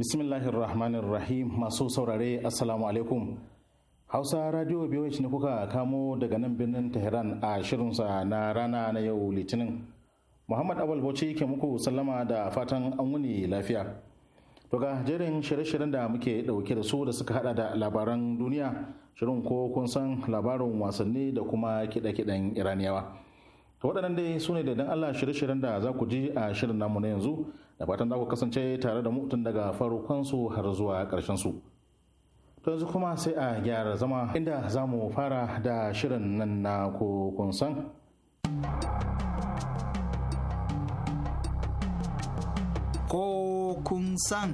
bismillahir rahmanir rahim masu saurare assalamu alaikum hausa radio bih ne kuka kamo daga nan birnin tehran a shirinsa na rana na yau litinin muhammad abul bauchi ke muku sallama da fatan an wuni lafiya to ga jerin shirye-shiryen da muke dauke da su da suka hada da labaran duniya shirin ko kun san labarin wasanni da kuma kiɗe-kiɗen iraniyawa to waɗannan dai su ne da dan allah shirye-shiryen da za ku ji a shirin namu na yanzu da fatan za ku kasance tare da mutum daga farkon su har zuwa ƙarshen su to yanzu kuma sai a gyara zama inda za mu fara da shirin nan na kun san ko kun san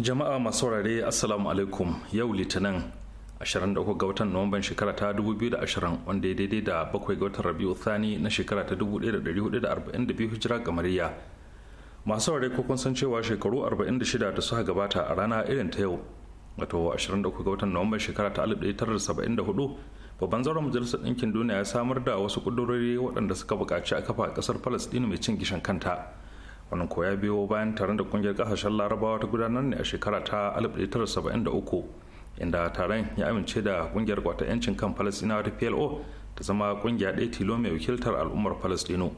jama'a masu saurare assalamu alaikum yau litinin 23 ga watan nuwamban shekara ta 2020 wanda ya daidai da bakwai ga watan rabiu thani na shekara ta 1442 hijira gamariya masu ware ko kun san cewa shekaru 46 da suka gabata a rana irin ta yau wato 23 ga watan nuwamban shekara ta 1974 babban zauren majalisar ɗinkin duniya ya samar da wasu ƙudurori waɗanda suka buƙaci a kafa ƙasar palestine mai cin gishan kanta wannan koya biyo bayan taron da ƙungiyar ƙasashen larabawa ta gudanar ne a shekara ta 1973 inda taron ya amince da kungiyar kwata 'yancin kan palestina ta plo ta zama kungiya ɗaya tilo mai wakiltar al'ummar palestino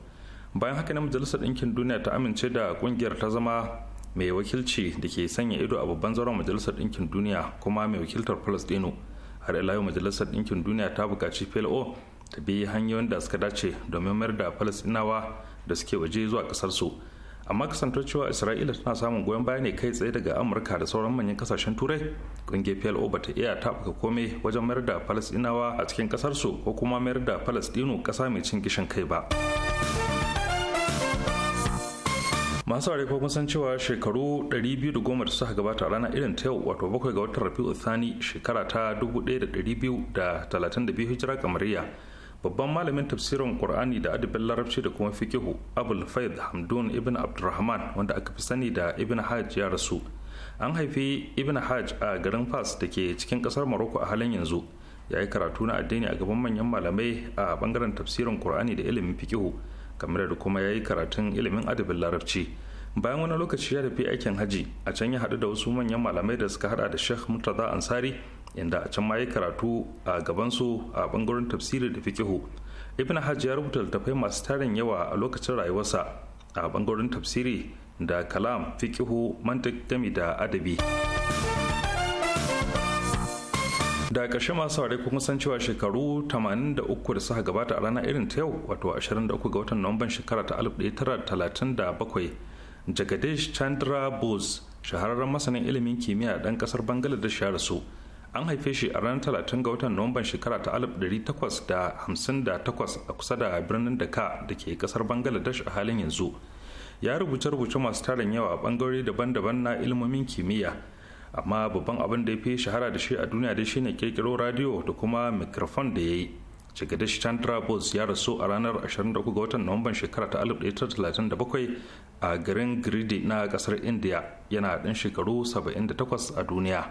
bayan haka na majalisar ɗinkin duniya ta amince da kungiyar ta zama mai wakilci da ke sanya ido a babban zauren majalisar ɗinkin duniya kuma mai wakiltar palestino har ila yau majalisar ɗinkin duniya ta buƙaci plo ta bi hanyoyin da suka dace domin mayar da palestinawa da suke waje zuwa ƙasarsu amma kasantar cewa isra'ila tana samun goyon baya ne kai tsaye daga amurka da sauran manyan kasashen turai kungiyar plo ba ta iya taɓuka komai wajen mayar da falasɗinawa a cikin ƙasarsu ko kuma mayar da falasɗinu ƙasa mai cin gishin kai ba masu ko kun san cewa shekaru 210 da suka gabata a ranar irin ta yau wato bakwai ga watan rabi'u thani shekara ta 1232 hijira kamariya babban malamin tafsirin qur'ani da adabin larabci da kuma fikihu abul faid hamdun ibn abdurrahman wanda aka fi sani da ibn hajj ya rasu an haifi ibn hajj a garin fas da ke cikin kasar maroko a halin yanzu ya yi karatu na addini a gaban manyan malamai a bangaren tafsirin qur'ani da ilimin fikihu kamar da kuma ya yi karatun ilimin adabin larabci bayan wani lokaci ya tafi aikin haji a can ya haɗu da wasu manyan malamai da suka haɗa da sheikh murtaza ansari inda a can ma ya karatu a gabansu a bangaren tafsiri da fikihu ibn hajji ya rubuta littattafai masu tarin yawa a lokacin rayuwarsa a bangaren tafsiri da kalam fikihu mantik gami da adabi da ƙarshe masu ware kuma san cewa shekaru 83 da suka gabata a ranar irin ta yau wato 23 ga watan nuwamban shekara ta 1937 jagadish chandra bose shahararren masanin ilimin kimiyya ɗan ƙasar bangaladesh ya rasu an haife shi a ranar 30 ga watan nuwamban shekara ta 1858 a kusa da birnin daka da ke kasar bangladesh a halin yanzu ya rubuce rubuce masu tarin yawa a bangarori daban-daban na ilmomin kimiyya amma babban abin da ya fi shahara da shi a duniya dai shine kirkiro radio da kuma mikrofon da ya yi jagadish chandra bose ya rasu a ranar 23 ga watan nuwamban shekara ta 1937 a garin gridi na kasar india yana ɗan shekaru 78 a duniya.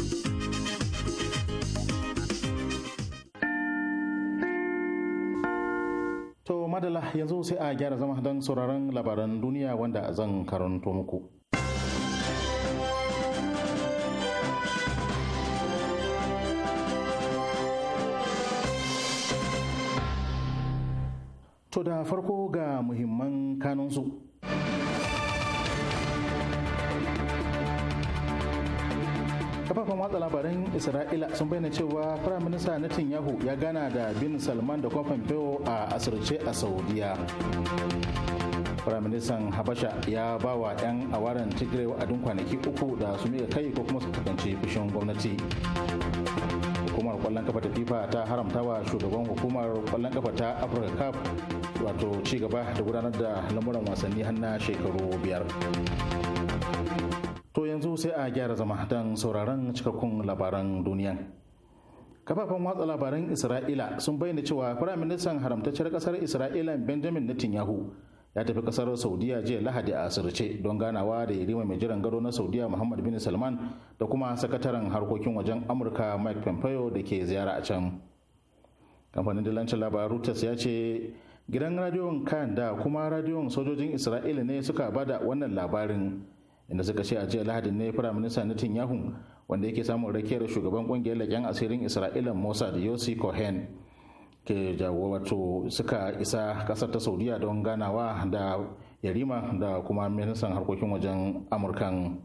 madala yanzu sai a gyara zama don sauraron labaran duniya wanda zan karanto muku. To da farko ga muhimman kanunsu. kafafen watsa labaran isra'ila sun bayyana cewa firaminista minista yahu ya gana da bin salman da kuma pompeo a asirce a saudiya firaministan habasha ya ba wa 'yan awaran tigray wa'adin kwanaki uku da su miƙa kai ko kuma su kasance fushin gwamnati hukumar kwallon kafa ta fifa ta haramta wa shugaban hukumar kwallon kafa ta afirka cup wato cigaba da gudanar da lamuran wasanni har na shekaru biyar To yanzu sai a gyara zama don sauraron cikakkun labaran duniya. Kafafen watsa labaran Isra'ila sun bayyana cewa Firaministan haramtacciyar kasar Isra'ila Benjamin Netanyahu ya tafi kasar Saudiya jiya Lahadi a asirce don ganawa da yarima mai jiran gado na Saudiya Muhammad bin Salman da kuma sakataren harkokin wajen Amurka Mike Pompeo da ke ziyara a can. Kamfanin dillancin labaran Reuters ya ce gidan radiyon kan da kuma radiyon sojojin Isra'ila ne suka bada wannan labarin. inda suka ce a jiya lahadin ne firayim minista yahu wanda yake samun rakiyar shugaban kungiyar leƙen asirin isra'ila mossad yossi cohen ke jawo wato suka isa kasar ta saudiya don ganawa da yarima da kuma ministan harkokin wajen amurkan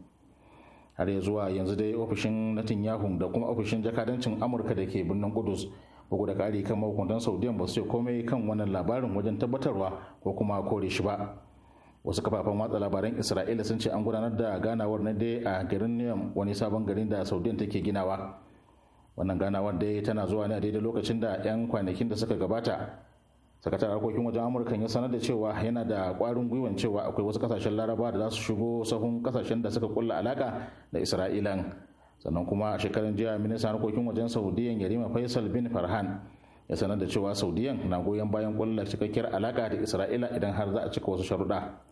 har ya zuwa yanzu dai ofishin netanyahu da kuma ofishin jakadancin amurka da ke birnin kudus bugu da kari kan mahukuntan saudiyan ba su ce komai kan wannan labarin wajen tabbatarwa ko kuma kore shi ba wasu kafafen watsa labaran isra'ila sun ce an gudanar da ganawar na dai a garin niyam wani sabon garin da saudiya take ginawa wannan ganawar dai tana zuwa ne a daidai lokacin da 'yan kwanakin da suka gabata sakatar harkokin wajen amurka ya sanar da cewa yana da kwarin gwiwan cewa akwai wasu kasashen laraba da za su shigo sahun kasashen da suka kulla alaka da isra'ila sannan kuma a shekarun jiya ministan harkokin wajen saudiya yarima faisal bin farhan ya sanar da cewa saudiya na goyon bayan kulla cikakkiyar alaka da isra'ila idan har za a cika wasu sharuɗa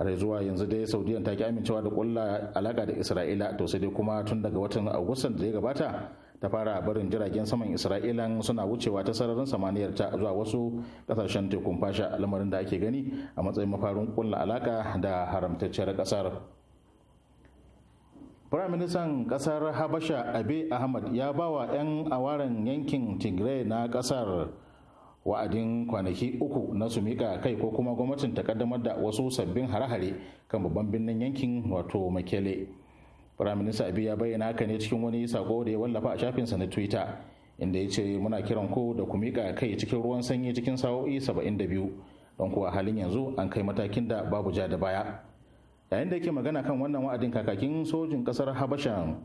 har zuwa yanzu dai saudiyan ta ki amincewa da kulla alaka da isra'ila to sai dai kuma tun daga watan agustan da ya gabata ta fara barin jiragen saman isra'ilan suna wucewa ta sararin samaniyar ta zuwa wasu kasashen tekun fasha lamarin da ake gani a matsayin mafarin kulla alaka da haramtacciyar kasar firaministan kasar habasha abe ahmad ya bawa 'yan awaren yankin tigray na kasar wa'adin kwanaki uku na su mika kai ko kuma gwamnatin ta kaddamar da wasu sabbin hare-hare kan babban birnin yankin wato makele firaminista abi ya bayyana haka ne cikin wani sako da ya wallafa a shafinsa na twitter inda ya ce muna kiran ko da ku mika kai cikin ruwan sanyi cikin sa'o'i saba'in da biyu don kuwa halin yanzu an kai matakin da babu ja da baya yayin da yake magana kan wannan wa'adin kakakin sojin kasar habashan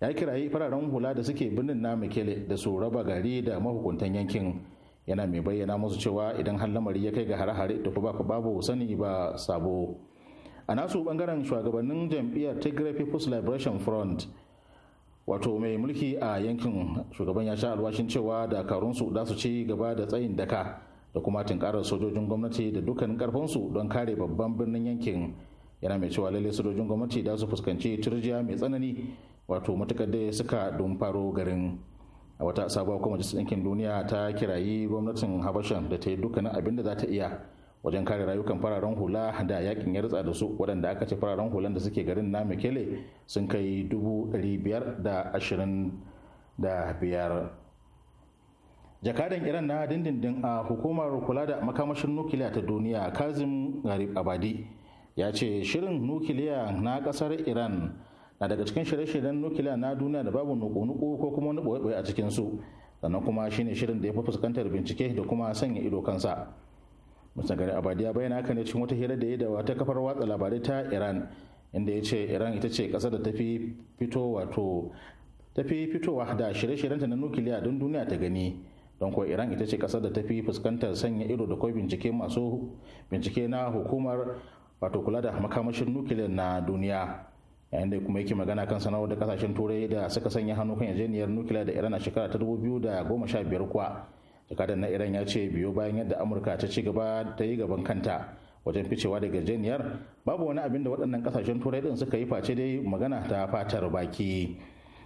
ya kirayi fararen hula da suke birnin na makele da su raba gari da mahukuntan yankin yana mai bayyana musu cewa idan har lamari ya kai ga hare-hare da baka babu sani ba sabo a nasu bangaren shugabannin jam'iyyar tigray people's liberation front wato mai mulki a yankin shugaban ya sha alwashin cewa dakarunsu za su ci gaba da tsayin daka da kuma tunkarar sojojin gwamnati da dukkanin karfinsu don kare babban birnin yankin yana mai cewa lalle sojojin gwamnati da su fuskanci turjiya mai tsanani wato matukar da suka dumfaro garin a wata sabuwar kuma majalisar ɗinkin duniya ta kirayi gwamnatin habashan da ta yi dukkanin abin da za ta iya wajen kare rayukan fararen hula da yakin ya ritsa da su waɗanda aka ce fararen hulan da suke garin na mekele sun kai dubu ɗari biyar da ashirin da biyar jakadan iran na dindindin a hukumar kula da makamashin nukiliya ta duniya kazim garib abadi ya ce shirin nukiliya na ƙasar iran na daga cikin shirye-shiryen nukiliya na duniya da babu nuku-nuku ko kuma wani ɓoye-ɓoye a cikin su sannan kuma shine shirin da ya fi fuskantar bincike da kuma sanya ido kansa mr gari abadi ya bayyana haka ne cikin wata hira da ya da wata kafar watsa labarai ta iran inda ya ce iran ita ce ƙasar da ta fi ta fitowa da shirye-shiryenta na nukiliya don duniya ta gani don kuwa iran ita ce kasar da ta fi fuskantar sanya ido da kai bincike masu bincike na hukumar wato kula da makamashin nukiliya na duniya yayin da kuma yake magana kan sanarwar da kasashen turai da suka sanya hannu kan yarjejeniyar nukiliya da iran a shekara ta biyar kuwa jakadar na iran ya ce biyo bayan yadda amurka ta ci gaba ta yi gaban kanta wajen ficewa daga yarjejeniyar babu wani abin da waɗannan kasashen turai din suka yi face dai magana ta fatar baki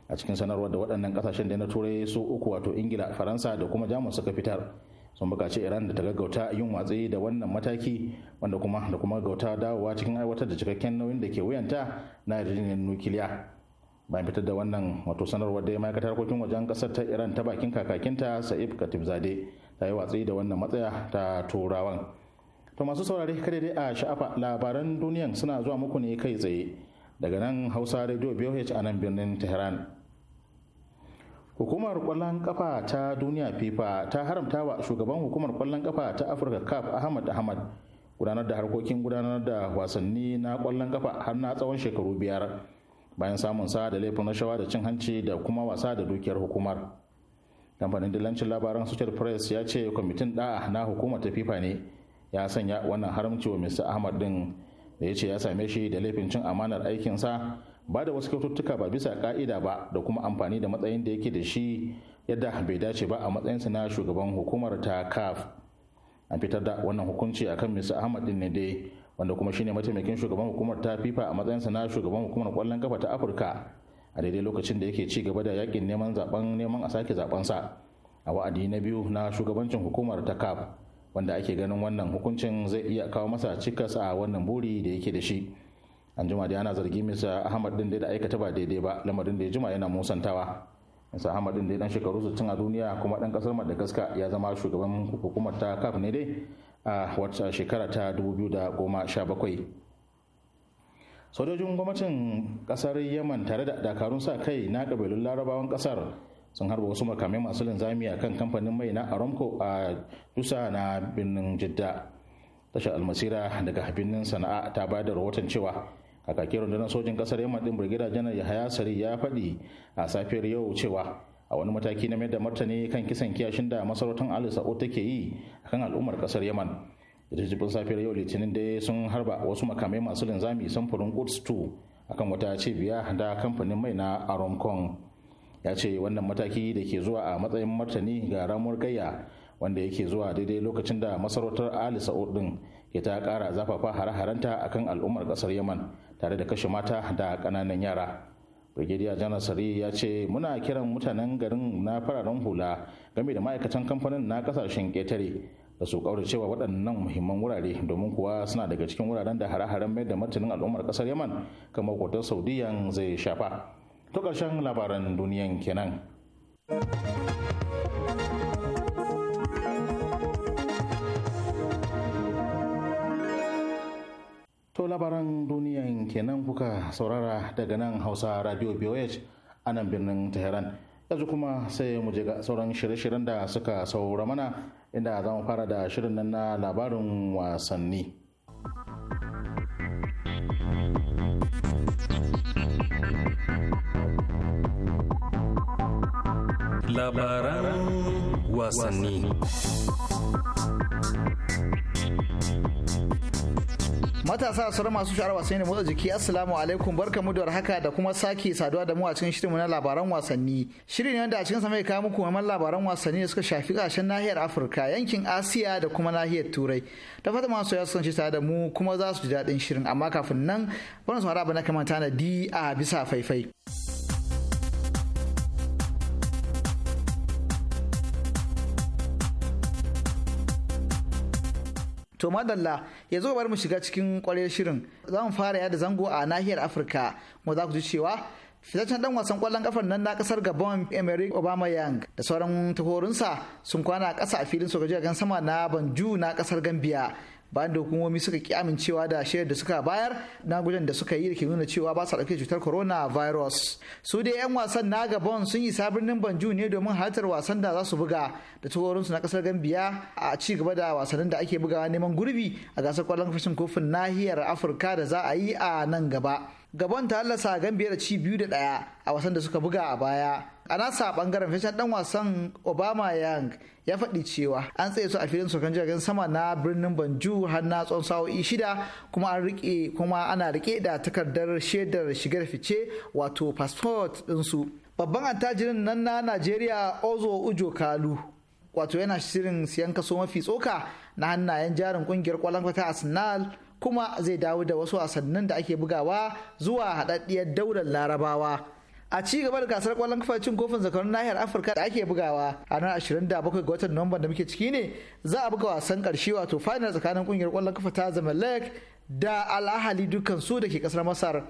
a cikin sanarwar da waɗannan kasashen da na turai su uku wato ingila faransa da kuma jamus suka fitar sun buƙaci iran da ta gaggauta yin watsi da wannan mataki wanda kuma da kuma gaggauta dawowa cikin aiwatar da cikakken nauyin da ke wuyanta na yarjejeniyar nukiliya bayan fitar da wannan wato sanarwar da ma'aikatar harkokin wajen kasar ta iran ta bakin kakakinta sa'ib zade ta yi watsi da wannan matsaya ta turawan to masu saurari kada dai a sha'afa labaran duniyan suna zuwa muku ne kai tsaye daga nan hausa radio bioh a nan birnin tehran hukumar kwallon kafa ta duniya fifa ta haramta wa shugaban hukumar kwallon kafa ta afirka kaf ahmad ahmad gudanar da harkokin gudanar da wasanni na kwallon kafa har na tsawon shekaru biyar bayan samun sa da laifin rashawa da cin hanci da kuma wasa da dukiyar hukumar kamfanin dillancin labaran social press ya ce kwamitin da'a na hukumar ta fifa ne ya sanya wannan haramci wa mr ahmad din da ya ce ya same shi da laifin cin amanar aikinsa ba da wasu kyaututtuka ba bisa ka'ida ba da kuma amfani da matsayin da yake da shi yadda bai dace ba a matsayinsa na shugaban hukumar ta caf an fitar da wannan hukunci akan mr ahmad din ne dai wanda kuma shine mataimakin shugaban hukumar ta fifa a matsayinsa na shugaban hukumar kwallon kafa ta afirka a daidai lokacin da yake ci gaba da yakin neman zaben neman a sake sa a wa'adi na biyu na shugabancin hukumar ta caf wanda ake ganin wannan hukuncin zai iya kawo masa cikas a wannan buri da yake da shi an jima da yana zargi misa ahmad din da aikata ba daidai ba lamarin da ya jima yana musantawa misa ahmad din da dan shekaru tun a duniya kuma dan kasar madagascar ya zama shugaban hukumar ta kaf ne dai a wata shekara ta 2017 sojojin gwamnatin kasar yaman tare da dakarun sa kai na kabilun larabawan kasar sun harba wasu makamai masu linzami a kan kamfanin mai na aramco a dusa na birnin jidda tashar almasira daga birnin sana'a ta bayar da rahoton cewa a kakakin rundunar sojin kasar yamma din brigadier janar yahaya sari ya faɗi a safiyar yau cewa a wani mataki na mai da martani kan kisan kiyashin da masarautar ali sa'ud take yi a kan al'ummar kasar yaman jirgin safiyar yau litinin da sun harba wasu makamai masu linzami samfurin quds 2 akan wata cibiya da kamfanin mai na aromcon ya ce wannan mataki da ke zuwa a matsayin martani ga ramuwar gayya wanda yake zuwa daidai lokacin da masarautar ali sa'ud din ke ta kara zafafa hare-harenta akan al'ummar kasar yaman tare da kashe mata da kananan yara brigadier janar sari ya ce muna kiran mutanen garin na fararen hula game da ma'aikatan kamfanin na kasashen ƙetare da su cewa waɗannan muhimman wurare domin kuwa suna daga cikin wuraren da hare-haren mai da martanin al'ummar ƙasar yaman kamar kotar saudiyan zai shafa to ƙarshen labaran duniyan kenan To labaran duniyan kenan kuka saurara daga nan Hausa Radio BOH a nan birnin teheran Yanzu kuma sai mu je ga sauran shirye-shiryen da suka saura mana inda za mu fara da shirin nan na labarin wasanni. Labaran wasanni. matasa sauran masu sha'ar wasanni da motsa jiki assalamu alaikum mu da haka da kuma sake saduwa da mu a cikin shirinmu na labaran wasanni shiri ne wanda a cikin sama mai kawo muku mamman labaran wasanni da suka shafi kashen nahiyar afirka yankin asiya da kuma nahiyar turai da fata masu ya sun tare da mu kuma za su ji daɗin shirin amma kafin nan bana su haraba na kamanta na di a bisa faifai. To madalla ya zo bar mu shiga cikin kwarar shirin za mu fara yada zango a nahiyar Afirka mu za ku ji cewa fitaccen dan wasan kwallon kafar nan na kasar Gabon Emery Obama Yang da sauran tahorinsa sun kwana a kasa a filin sojoji a sama na Banju na kasar Gambia. bayan da hukumomi suka ki amincewa da shaidar da suka bayar na gudan da suka yi da ke nuna cewa ba sa ɗauke cutar coronavirus su dai 'yan wasan na gabon sun yi birnin banju ne domin halartar wasan da za su buga da tsohorinsu na kasar gambia a ci gaba da wasannin da ake bugawa neman gurbi a gasar kwallon fashin kofin nahiyar afirka da za a yi a nan gaba gabon ta hallasa gambia da ci biyu da ɗaya a wasan da suka buga a baya a nasa bangaren fashin dan wasan obama yang ya faɗi cewa an tsaye su a filin sokan jiragen sama na birnin banju har na tsawon sa'o'i shida kuma an rike kuma ana rike da takardar shaidar shigar fice wato passport ɗinsu babban attajirin nan na najeriya ozo ujo kalu wato yana shirin siyan kaso mafi tsoka na hannayen jarin kungiyar kwallon kwata arsenal kuma zai dawo da wasu wasannin da ake bugawa zuwa haɗaɗɗiyar daular larabawa a ci gaba da gasar kwallon kafa cin kofin zakarun nahiyar afirka da ake bugawa a ranar 27 ga watan nuwamban da muke ciki ne za a buga wasan karshe wato final tsakanin kungiyar kwallon kafa ta zamalek da al'ahali dukkan su da ke kasar masar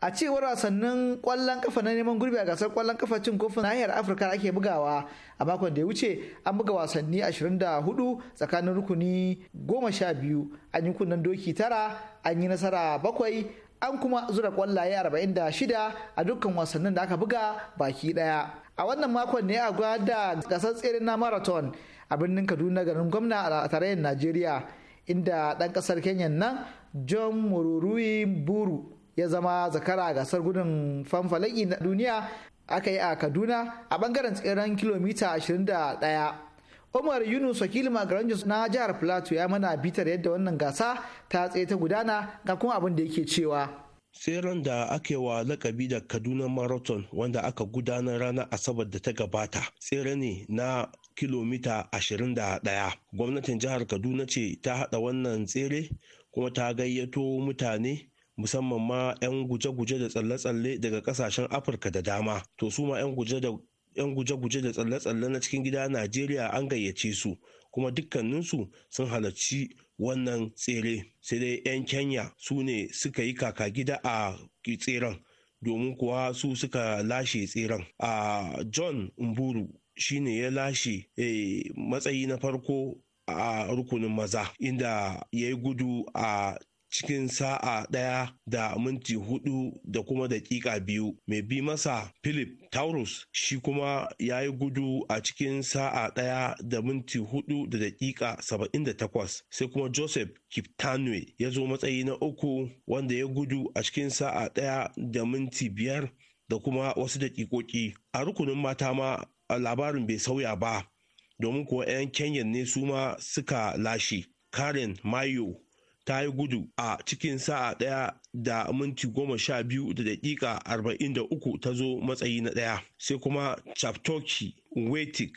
a cewar wasannin kwallon kafa na neman gurbi a gasar kwallon kafa cin kofin nahiyar afirka da ake bugawa a makon da ya wuce an buga wasanni 24 tsakanin rukuni 12 an yi kunnen doki tara an yi nasara bakwai an kuma zura kwallaye 46 a dukkan wasannin da aka buga baki daya a wannan makon ne a gwada gasar tsere na marathon a birnin kaduna garin gwamna a tarayyar najeriya inda ɗan ƙasar kenya nan john mururui buru ya zama zakara gasar gudun fanfalaki na duniya aka yi a kaduna a bangaren tseren kilomita 21 Umar Yunus wakilin Magarangis na jihar Plateau ya mana bitar yadda wannan gasa ta tsaye ta gudana ga kuma abin da yake cewa. tseren da ake wa lakabi da kaduna marathon wanda aka gudanar ranar asabar da ta gabata tsere ne na kilomita 21 gwamnatin jihar kaduna ce ta hada wannan tsere kuma ta gayyato mutane musamman ma 'yan guje-guje da tsalle-tsalle daga kasashen afirka da dama to su ma 'yan guje da 'yan guje-guje da tsalle-tsalle na cikin gida Najeriya an gayyace su kuma dukkaninsu sun halarci wannan tsere sai dai 'yan Kenya su ne suka yi kaka gida a tseren domin kuwa su suka lashe tseren a John Mburu shi ne ya lashe eh, matsayi na farko a rukunin maza inda ya yi gudu a cikin sa'a ɗaya da minti hudu da kuma daƙiƙa biyu mai bi masa philip taurus shi kuma ya yi gudu a cikin sa'a ɗaya da minti hudu da daƙiƙa saba'in da takwas sai kuma joseph kiptanwe ya zo matsayi na uku wanda ya gudu a cikin sa'a ɗaya da minti biyar da kuma wasu daƙiƙoƙi a rukunin mata ma labarin bai sauya ba domin kuwa 'yan kenyan ne su ma suka lashe karen mayo ta yi gudu a cikin sa'a ɗaya da minti goma sha biyu da daƙiƙa arba'in da uku ta zo matsayi na ɗaya sai kuma chaptoki wetik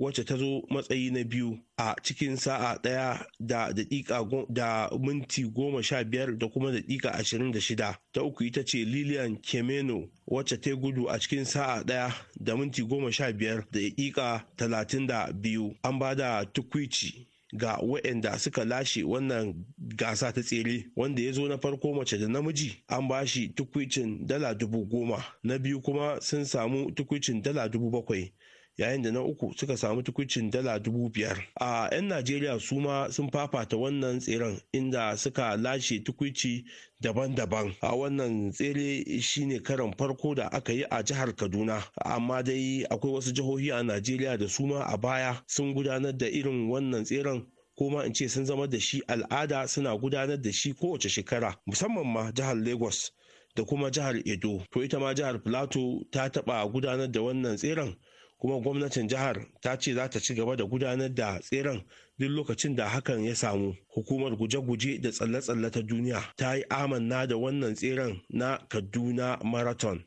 wacce ta zo matsayi na biyu a cikin sa'a ɗaya da daƙiƙa da minti goma sha biyar da kuma daƙiƙa ashirin da shida ta uku ita ce lilian kemeno wacce ta gudu a cikin sa'a ɗaya da minti goma sha biyar da daƙiƙa talatin da biyu an ba da tukwici ga waɗanda suka lashe wannan gasa ta tsere wanda ya zo na farko mace da namiji an ba shi tukwicin dala dubu goma na biyu kuma sun samu tukwicin dala dubu bakwai yayin da na uku suka samu tukucin dala dubu biyar a 'yan najeriya su ma sun fafata wannan tseren inda suka lashe tukuci daban-daban a wannan tsere shine karan farko da aka yi a jihar kaduna amma dai akwai wasu jihohi a najeriya da su ma a baya sun gudanar da irin wannan tseren kuma in ce sun zama da shi al'ada suna gudanar da shi kowace shekara musamman ma jihar lagos da kuma jihar edo to ita ma jihar plateau ta taba gudanar da wannan tseren kuma gwamnatin jihar ta ce za ta ci gaba da gudanar da tseren duk lokacin da hakan ya samu hukumar guje-guje da tsalle-tsalle ta duniya ta yi amanna da wannan tseren na kaduna marathon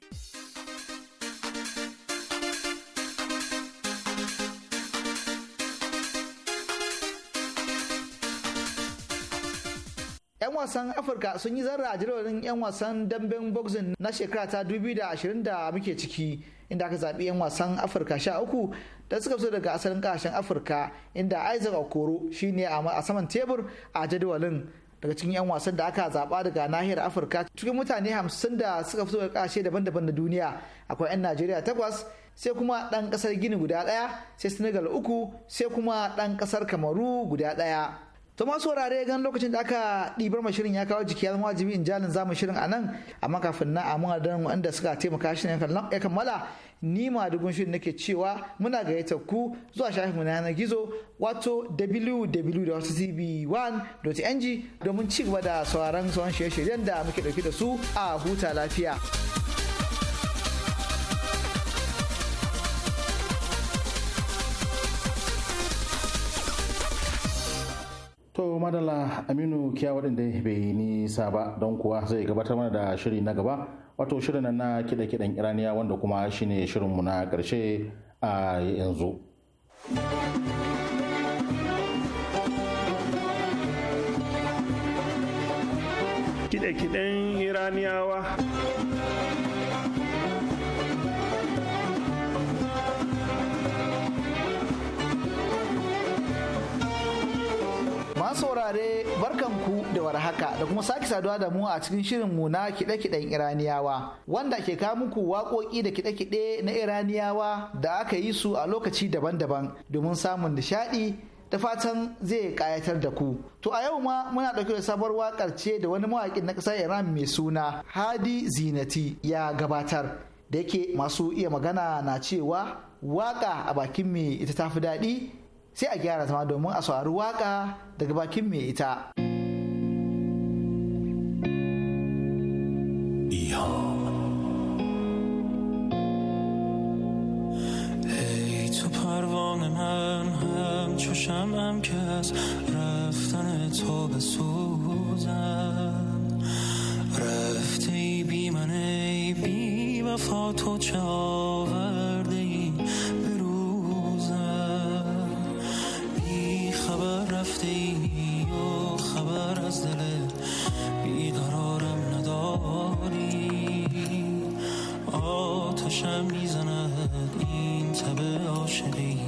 'Yan wasan afirka sun yi zarra a jadawalin 'yan wasan damben boxing na shekara ta 2020 da muke ciki inda aka zaɓi 'yan wasan afirka sha uku da suka fito daga asalin ƙasashen afirka inda isaac okoro shine a saman tebur a jadawalin daga cikin 'yan wasan da aka zaɓa daga nahiyar afirka cikin mutane hamsin da suka fito daga ƙasashe daban-daban na duniya akwai 'yan najeriya takwas sai kuma ɗan ƙasar gini guda ɗaya sai senegal uku sai kuma ɗan ƙasar kamaru guda ɗaya to masu saurare gan lokacin da aka ɗibar ma shirin ya kawo jiki ya zama wajibi in jalin zamu shirin a nan amma kafin na amma da wanda suka taimaka shi ya kammala ni ma dugun shirin nake cewa muna gayyata ku zuwa shafin mu na yanar gizo wato wwwcb 1ng domin ci gaba da sauraron sauran shirye-shiryen da muke dauke da su a huta lafiya. to madala aminu kiya waɗanda bai nisa ba don kuwa zai gabatar mana da shiri na gaba wato shirin na kiɗe-kiɗen iraniya wanda kuma shine shirinmu na ƙarshe a yanzu kiɗe-kiɗen iraniyawa haka da kuma sake saduwa da mu a cikin shirin mu na kiɗe-kiɗen Iraniyawa wanda ke kawo muku waƙoƙi da kiɗe-kiɗe na Iraniyawa da aka yi su a lokaci daban-daban domin samun nishaɗi da fatan zai ƙayatar da ku. To a yau ma muna ɗauke da sabuwar waƙar ce da wani mawaƙin na ƙasar Iran mai suna Hadi Zinati ya gabatar da yake masu iya magana na cewa waƙa a bakin mai ita tafi daɗi sai a gyara zama domin a saurari waƙa daga bakin mai ita. شمم که از رفتن تو به سوزم رفتی بی من ای بی وفا تو چه آورده ای به روزم بی خبر رفته و خبر از دل بی بیقرارم نداری آتشم میزند این تب عاشقی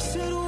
said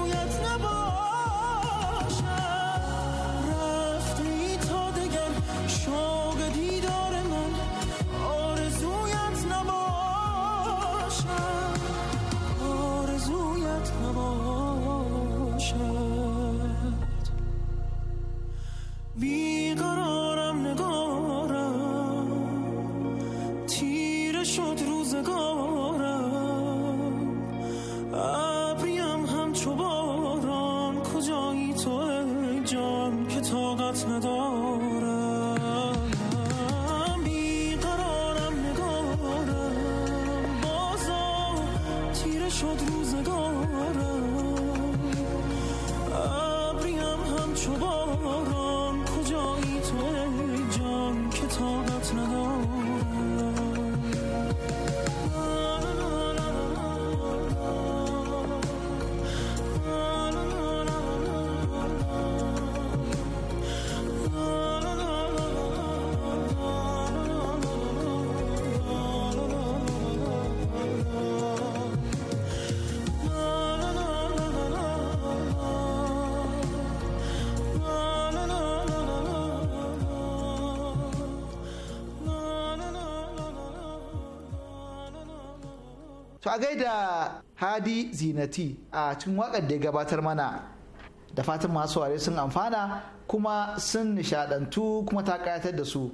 a gaida hadi zinati a cikin wakar da ya gabatar mana da fatan masu ware sun amfana kuma sun nishadantu kuma ta kayatar da su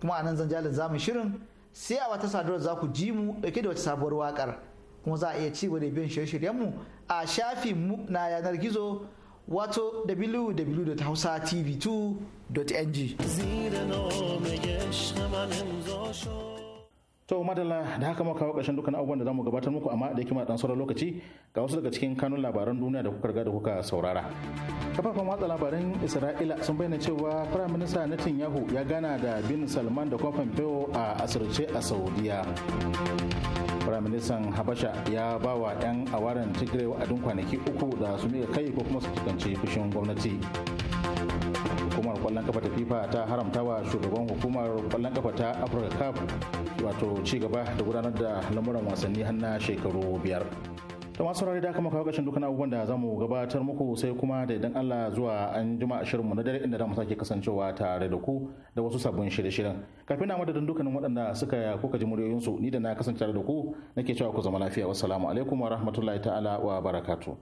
kuma a nan jalin zamun shirin sai a wata sadarwar za ku ji mu dauke da wata sabuwar wakar kuma za a iya ci da biyan shirye shiryen mu a shafin mu na yanar gizo wato www.hausatv2.ng to madalla da haka muka kawo ƙarshen dukkan abubuwan da zamu gabatar muku amma da yake ma dan sauran lokaci ga wasu daga cikin kanun labaran duniya da kuka riga da kuka saurara kafafen watsa labaran isra'ila sun bayyana cewa firayim minista netanyahu ya gana da bin salman da kuma pompeo a asirce a saudiya firaministan habasha ya ba wa 'yan awaran tigray wa'adin kwanaki uku da su miƙa kai ko kuma su fuskanci fushin gwamnati hukumar kwallon kafa ta fifa ta haramta wa shugaban hukumar kwallon kafa ta afirka cup wato ci gaba da gudanar da lamuran wasanni har na shekaru biyar da masu rari da aka maka lokacin dukkan abubuwan da za mu gabatar muku sai kuma da idan Allah zuwa an juma a mu na dare inda za mu sake kasancewa tare da ku da wasu sabbin shirye-shiryen kafin na madadin dukkanin waɗanda suka kuka ji muryoyinsu ni da na kasance tare da ku nake cewa ku zama lafiya wassalamu alaikum wa rahmatullahi ta'ala wa barakatu.